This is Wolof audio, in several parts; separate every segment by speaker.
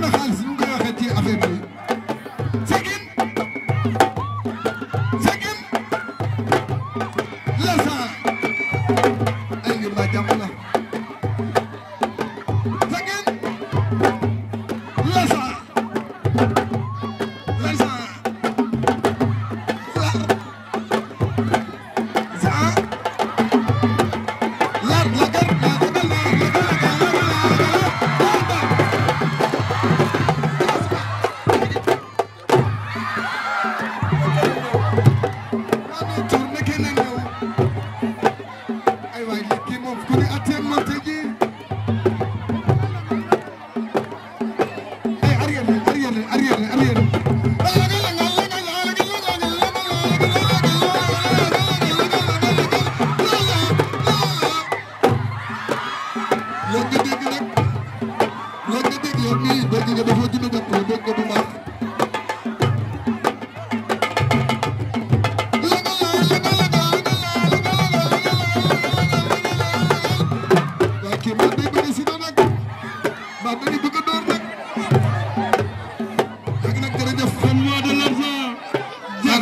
Speaker 1: na rasinho loolu nga dégg nag loolu nga dégg yow mii bëgg nga dafa dund nag bëgg nga bu baax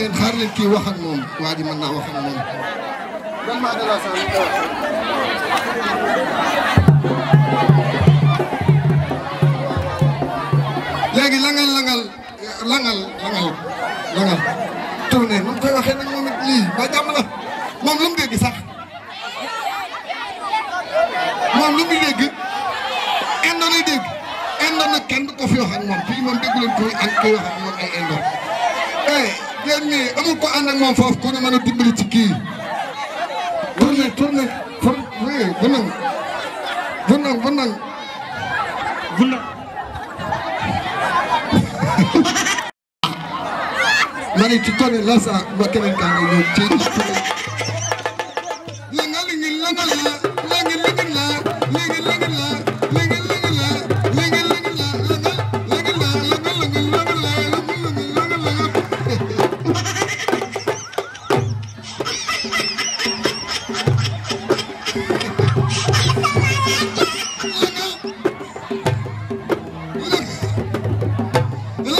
Speaker 1: leen xaar leen ki wax ak mom waa man na wax ak mom dan langal langal langal langal langal tourné mom koy waxe nak momit li ba jam la mom lu ngeegi sax mom lu ngeegi endo indo lay dégg indo nag kenn du ko fi wax ak mom fi mom déggu koy ak koy wax ak mom ay endo eh yéen ñii ko ànd ak foofu ku ñu mën a dimbali ci kii tourné tourné fan oui gunóor gunóor gunóor ma ne ci côté Lassa ba keneen kaa ngi ñëw ci.